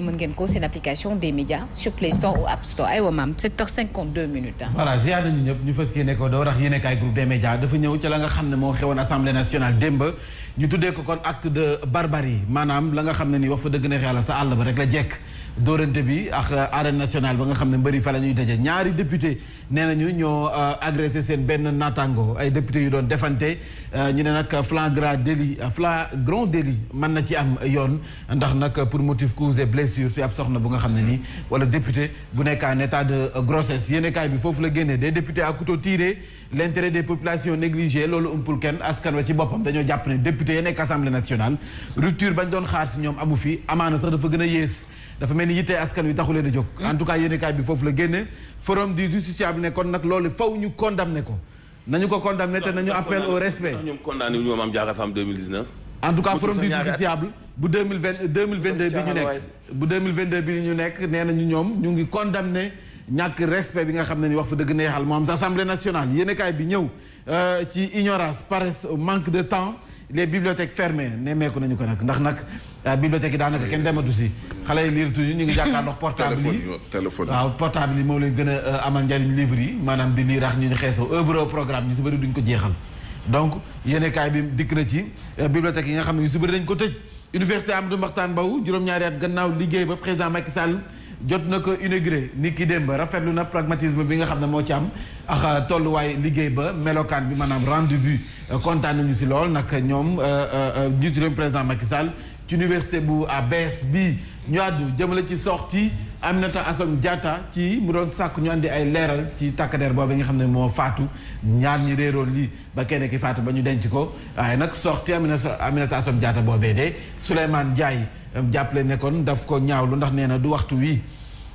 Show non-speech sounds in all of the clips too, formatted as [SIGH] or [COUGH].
fekkee ngeen ko seen application des médias sur Play Store ou App Store aywa maam 7 h minutes ah. voilà ziar nañu ñëpp ñu fës kii ne ko doo rax yéen kaay groupe des médias dafa ñëw ci la nga xam ne moo xewoon assemblée nationale démb ñu tuddee ko kon acte de barbarie maanaam la nga xam ne nii wax fa dëgg neex yàlla sa àll ba rek la jekk. dóorante bi ak euh, arène nationale ba nga xam ne mbëri fa la ñuy daje ñaari député nee nañu ñoo euh, agressé seen benn naataango ay député yu doon defante euh, ñu ne nag flagrant délit flagrant délit mën na ci am yoon ndax nag pour motif causé blessure si ab soxna bu nga xam ne nii wala député bu nekk en état de grossesse yéenekaay bi foofu la génnee des députés à couteau tiré l'intérêt des populations négligées loolu pour kenn askan wa ci boppam dañoo jàpp ne député ya nekk assemblée nationale rupture bañ doon xaar ñoom amu fi amaana sax dafa gën a yées dafa mel ni yitte askan wi taxu leen a jóg. Hmm. en tout cas yéenekaay bi foofu la génne forum du justiciable ne kon nag loolu faw ñu condamné ko nañu ko condamné te nañu appel au respect. ñoom condamné wu ñu Mame Diarra Fam 2019. en tout nekk. nee nañu ñoom ñu ngi condamné. ñàkk respect bi nga xam ne ni wax fa dëgg neexal moo am assemblée nationale yéenekaay bi ñëw euh, ci ignorance paresse manque de temps les bibliothèques fermées nemmeeku nañu ko nag ndax nag Ah, bibliothèque yi daanaka kenn dematu si xale yi lire toujours ñu ngi jàkkaarloog portable yi téléphone waaw portable yi moom lañ gën a euh, amal njariñ livre yi maanaam di lire ak ñu ñu xeesoo œuvre programme ñu si bëri duñ ko jeexal donc yéene kaay bi dikk na ci euh, bibliothèque yi nga xam ne ñu si bëri dañ ko tëj université Amadou Mahtar Mbow juróom-ñaari at gannaaw liggéey ba président Macky Sall jot na ko inauguré ni ki rafet lu na pragmatisme bi nga xam ne moo ci am ak euh, tolluwaay liggéey ba melokaan bi maanaam rendu bi kontaan nañu si lool nag ñoom njiitu réew président Macky Sall ci université bu à bees bii ñu àddu jëmale ci sortie Aminata Assome Diatta ci mu doon sàkk ñu andi ay leeral ci tàkkadeer boobu nga xam ne moo faatu ñaar ñi réeroon lii ba kenn ki faatu ba ñu denc ko waaye nag sortie Aminata Aminata Assome Diatta boobee de Souleymane Ndiaye um, jàppale ne kon daf ko lu ndax nee na du waxtu wii.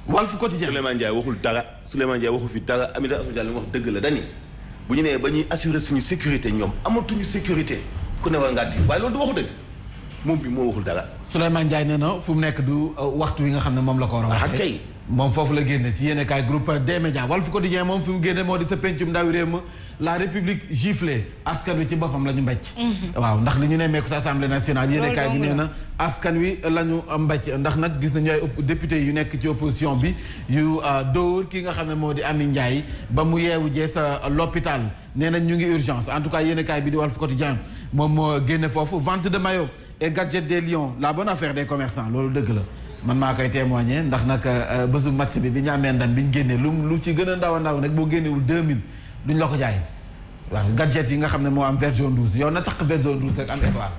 Walf Quotidien Souleymane Ndiaye waxul dara Souleymane Ndiaye waxu fi dara Aminata Assome Diatta li mu wax dëgg la dani bu ñu nee ba ñuy assurer suñu sécurité ñoom amatuñu sécurité ku ne war ngaa di waaye loolu du waxu moom bi moo waxul dala Souleymane Ndiaye nee na fu mu nekk du euh, waxtu wi nga xam ne moom la ko war ak ah, kay moom foofu la génne ci yéen kaay groupe des médias Walf Quotidien moom fi mu génne di sa pencum ndawi ma la république giflée askan wi ci boppam la ñu mbàcc. Mhm. waaw ndax li ñu ne meeku sa assemblée nationale. yéen kaay bi nee na askan wi la ñu mbàcc ndax nag gis nañu ay député yu nekk ci opposition bi yu euh, dóor nga xam ne moo di Ami Ndiaye ba mu yeewu jee sa l'hôpital nee nañ ñu ngi urgence en tout cas yéen kaay bi di Walf Quotidien moom moo génne foofu vente de maillot et gadget des lions la bonne affaire des commerçants loolu dëgg la man maa koy témoigner ndax nag euh, bésu match bi bi ñu amee ndam bi ñu génnee lu lu ci gën a ndaw a ndaw nag boo génnewul 2000 duñ la ko jaay waaw gadget yi nga xam ne moo am version 12 yow na tax version 12 rek am étoile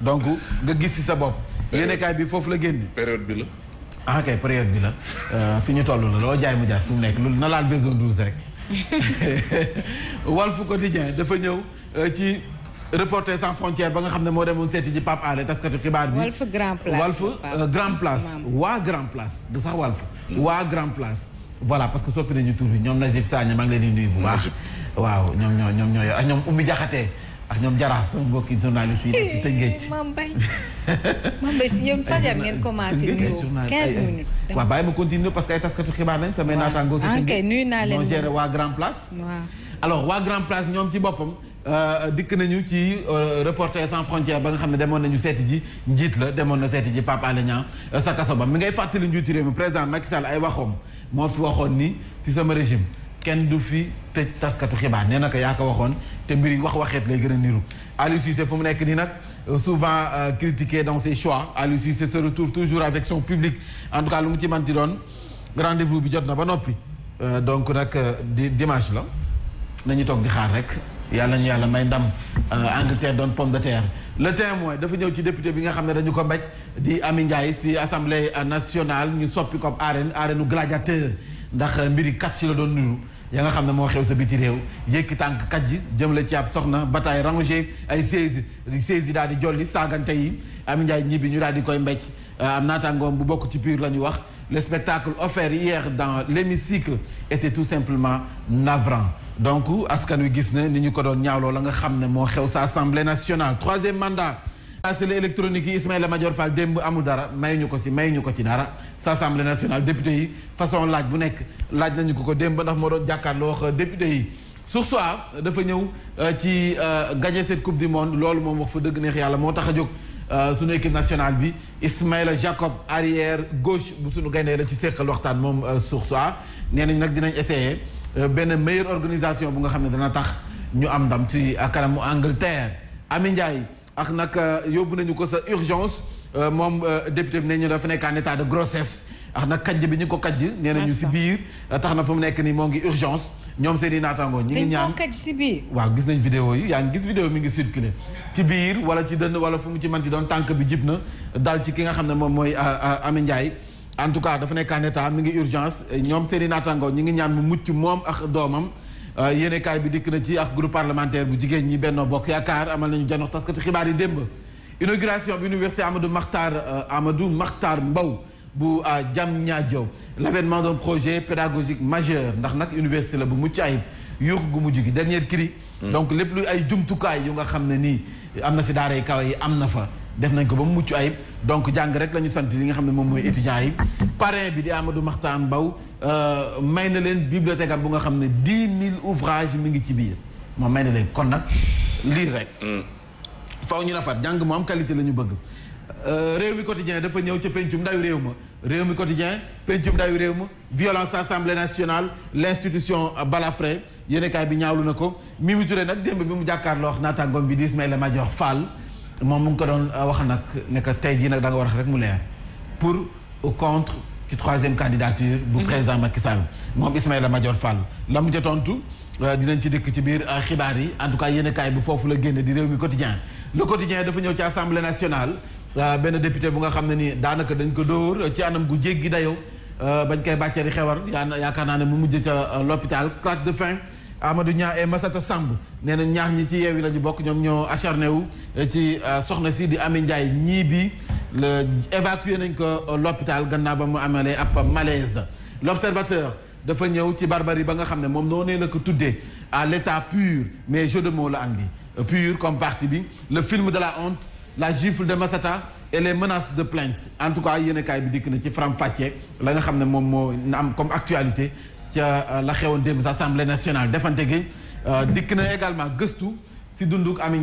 donc nga gis ci sa bopp. yéenekaay bi foofu la génn. période bi la. ah kay période bi la euh, fi ñu toll la loo jaay mu jaar fu mu nekk loolu na laal version 12 rek [LAUGHS] Walf Quotidien dafa ñëw euh, Reporters sans frontières ba nga xam ne moo demoon seeti ji Pape Alé taskatu xibaar bi. Walf Grand euh, Grand Place. waa Grand Place parce que soppi nañu tur bi ñoom Najib Sagna maa ngi leen di nuyu bu baax. waaw ñoom ñoo ñoo ñoom Oumy Diakhaté ak ñoom Jaraaf sama mbokki journaliste yi nekk Tëngéej. Eh, Mame Mbaye Mame Mbaye si yéen [LAUGHS] parce que ay taskatu xibaar lañ samay naataangoo. Ah, ok nuyu naa leen moom ñoo géré waa Grand waa Grand Place ñoom ci boppam Euh, dikk nañu ci euh, Reporters sans frontières ba nga xam ne demoon nañu seeti ji njiit la demoon na seeti ji Pape euh, sa kaso ba mi ngay fàttali njiitu réew mi président Macky Sall ay waxoom moo fi waxoon ni ci sama régime kenn du fi tëj taskatu xibaar nee na yaa ko waxoon te mbir yi wax waxeet lay gën a niru Aliou Cissé fu mu nekk nii nag souvent critiqué dans ses choix Aliou Cissé se retrouve toujours avec son public en tout cas lu mu ci mën ci doon rendez-vous bi jot na ba noppi donc nag di dimanche la toog di xaar rek yàlla ñu yàlla may ndam euh, Angleterre doon pomme de terre le témoin dafa ñëw ci député bi nga xam ne dañu ko mbaj di Ami Ndiaye si assemblée nationale ñu soppi ko arène arène gladiateur ndax mbiri kat si la doon nuyu ya nga xam ne moo xew sa biti réew yëkki tànk kat ji jëmale ci ab soxna bataille rangée ay saisi saisi daal di jolli saagante yi Ami Ndiaye ñibbi ñu daal di koy mbécc euh, am naataangoom bu bokk ci pur la ñu wax le spectacle offert hier dans l'hémicycle était tout simplement navrant donc askan wi gis na ni ñu ko doon ñaawloo la nga xam ne moo xew sa assemblée nationale troisième mandat bracelet électronique yi Ismaïla Madior Fall démb amul dara may ñu ko ci mayuñu ko ci dara sa assemblée nationale député yi façon laaj bu nekk laaj nañu ko ko démb ndax moo doon jàkkaarloo wax euh, député yi suuf soir dafa ñëw euh, ci euh, gagner cette coupe du monde loolu moom wax fa dëgg neex yàlla moo tax a jóg sunu équipe nationale bi Ismaïla Jacob arrière gauche bu gaynde la ci séqal waxtaan moom suuf soir nee nañ dinañ Euh, benn meilleure organisation bu nga xam ne dana tax ñu am ndam ci euh, kanamu Angleterre Ami Ndiaye ak nag euh, yóbbu nañu ko sa urgence moom député bi ne ñu dafa nekk ni état de grossesse ak nag kajj bi ñu ko kajj nee nañu si biir tax na fu mu nekk nii moo ngi urgence ñoom seen i naataangoo ñu ngi ñaan kajj waaw gis nañ vidéo yi yaa ngi gis vidéo mi ngi circulé ci biir wala ci dënn wala fu mu ci man ci doon tànk bi jib na dal ci ki nga xam ne moom mooy Ami Ndiaye en tout cas dafa nekk en état ngi urgence ñoom seen i naataangoo ñi ngi ñaan mu mucc moom ak doomam euh, yéene kaay bi dikk na ci ak groupe parlementaire bu jigéen ñi Benno Bokk Yaakaar amal nañu janox taskatu xibaar yi démb inauguration bi université Amadou Makhtar euh, Amadou Makhtar Mbow bu euh, Diamniadio l'avènement d'un projet pédagogique majeur ndax nag université la bu mucc ay yuux gu mujj gi dernier cri hmm. donc lépp lu ay jumtukaay yu nga xam ne nii am na si daara yi kaw yi am na fa def nañ ko ba mu mucc ayib donc jàng rek la ñu sant li nga xam ne moom mooy étudiants yi parrain bi di Amadou Mahtar Mbow euh, may na leen bibliothèque am bu nga xam ne dix mille ouvrages mi ngi ci biir moom may na leen kon nag lii rek mm. faw ñu nafar jàng moom qualité la ñu bëgg euh, réew mi quotidien dafa ñëw ca pencum ndawi réew ma réew mi quotidien pencum ndawi réew ma violence assemblée nationale l' institution balafré yéenekaay bi ñaawlu na ko Mimi Touré nag démb bi mu jàkkaarloo wax naataangoom bi di Ismaïla Madior Fall moom mu ngi ko doon euh, wax nag ne que tey jii nag da war a rek mu leer pour ou contre ci troisième candidature. bu mhm. président Macky Sall. moom a Madior Fall la mu ca tontu euh, dinañ ci dëkk ci biir euh, xibaar yi en tout cas yéen bu foofu la génne di réew mi quotidien le quotidien dafa ñëw ci assemblée nationale benn député bu nga xam ne ni daanaka dañ ko dóor ci anam gu jéggi dayoo bañ koy bàccari xewar yaa yaakaar naa ne mu mujj ca l'hôpital craque de faim. Amadou Niang et Massata Samb nee na ñaar ñi ci yeewi la ñu bokk ñoom ñoo acharné wu eh, ci eh, soxna si di Amy Ndiaye ñii bi la évacué nañ ko euh, l'hôpital gannaaw ba mu amalee ab malaise l'observateur dafa ñëw ci barbarie ba nga xam ne moom noonu la ko tuddee à l'état pur mais jeu de mots la andi euh, pur comme parti bi le film de la honte la gifle de Massata et les menaces de plainte en tout cas yéenekaay bi dikk na ci fram fàccee la nga xam ne moom moo am comme actualité ca euh, la xewoon sa assemblée nationale defante gi euh, dikk na également gëstu si dunduk Ami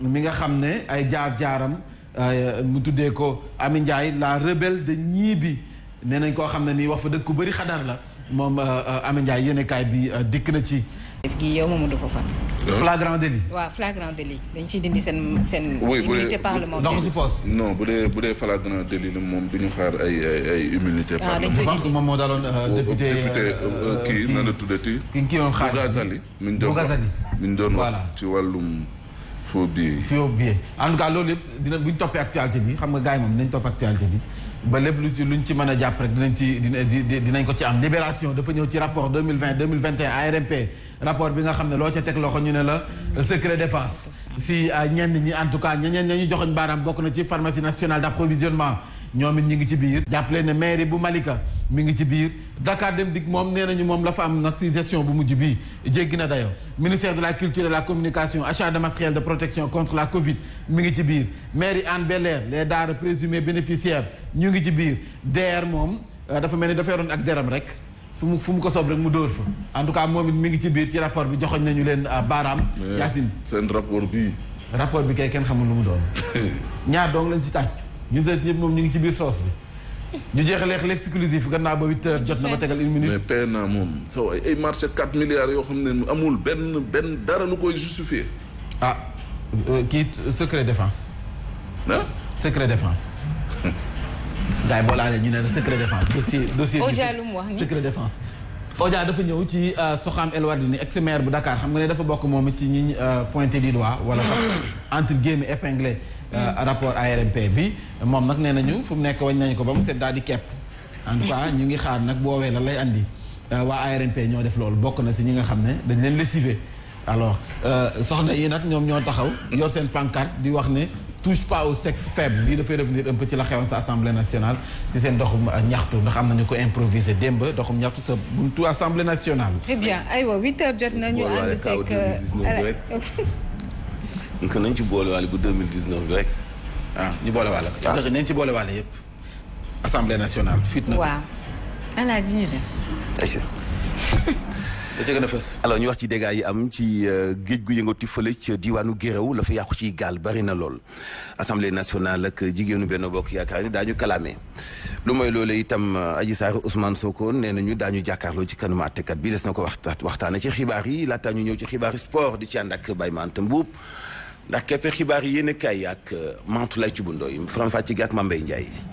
mi nga xam ne ay jaar-jaaram euh, mu tuddee ko Ami Ndiaye la rebelle de Gniby nee nañ koo xam ne nii wax fa dëkk ku bëri xadar la moom Ami Ndiaye bi dikk na ci. def gi yow Mamadou Fofana. flagrant délit. waaw flagrant délit dañ ciy dindi seen seen. immunité parlementaire donc si poste. non bu dee bu dee flagrant moom du ñu xaar ay ay immunité ah, parlementaire. ah moom moo daaloon euh, député député euh, euh, kii la tuddati. ki ki doon xaar Bougazali. mi ñu doon wax mi doon wax ci wàllum. faux billets faux billets en tout cas loolu yëpp dina bu toppee actualité bi xam nga gars yi moom dinañ topp actualité bi. ba lépp lu ci luñ ci mën a jàpp rek dinañ ci dinañ ko ci am libération dafa ñëw ci rapport deux mille vingt deux mille vingt et un rapport bi nga xam ne loo ca teg loxo ñu ne la secret défense si euh, ñenn ñi en tout cas ñeneen ña ñu joxoñ baaraam bokk na ci pharmacie nationale d' approvisionnement ñoom it ñu ngi ci biir jàppale ne mairie bu Malika mi ngi ci biir Dakar Dem Dikk moom nee nañu moom la fa am nag si gestion bu mujj bii jéggi na dayo ministère de la culture et la communication achat de matériel de protection contre la Covid mi ngi ci biir mairie Hann Bel-Air les daara présumés bénéficiaires ñu ngi ci biir DER moom euh, dafa mel ni dafa yoroon ak deram rek fu mu fu mu ko soob rek mu dóor fa en tout cas moom it mi ngi ci biir ci rapport bi joxoñ nañu leen ah, baaraam Yacine seen rapport bi rapport bi kay kenn xamul lu mu doon [LAUGHS] ñaar doom lañ si tàcc ñu seet ñëpp moom ñu ngi ci biir soos bi ñu jeexaleex l'exclusif gannaaw ba huit heures jot na ba tegal une minute. mais PNA moom saw ay ay marché quatre milliards yoo xam ne amul benn benn dara lu koy justifier ah euh, kii secret defence ah secret défense. gars yi ñu ne secret défense dossier dossier Oja lu dafa ñëw ci euh, Soham El Wardini ex maire bu Dakar xam nga ne dafa bokk moom ci ñi euh, pointé du doigt wala sax [COUGHS] entre guillemets épinglé euh, mm. rapport ARMP bi moom nag nee nañu fu mu nekk wañ nañu ko ba mu set daal di kepp en ñu ngi xaar nag boowee la lay andi waa ARMP ñoo def loolu bokk na si ñi nga xam ne dañ leen lessivé alors soxna yi nag ñoom ñoo taxaw yor seen pancarte di wax ne touche pas au sexe faible lii dafay revenir un peu ci la xewoon sa assemblée nationale ci seen doxum euh, ñaxtu ndax am nañu ko improvisé démb doxum ñaxtu sa buntu assemblée nationale. très eh bien aywa huit heures jot nañu. ànd seeg euh, rek. nañ ci boolewaale bu deux mille dix neuf bi rek. ah ñu boolewaale ko. waaw ah. ci nañ ci boolewaale yëpp. assemblée nationale. fit na ko waaw. [LAUGHS] da ca gën a ñu wax ci dégâts yi am ci euh, géej gu yëngatu fële ci diwaanu Guéréo lafa yàqu ci gaal bari na lool assemblée nationale ak jigéenu benn bokk yaakaar ni daañu kalaame lu mooy loolu itam euh, Adji Sarr Ousmane Sonko nee nañu daañu jàkkaarloo ci kanamu àttekat bi des na ko waxtaan waxtaanee ci xibaar yi laataa ñu ñëw ci xibaar sport di ci ànd ak Baye Mante Mbuub ndax keppe xibaar yi yéen a kaay ak euh, Mantoulaye Thioub Ndoye faram-fàccee ak Mame Mbaye Ndiaye.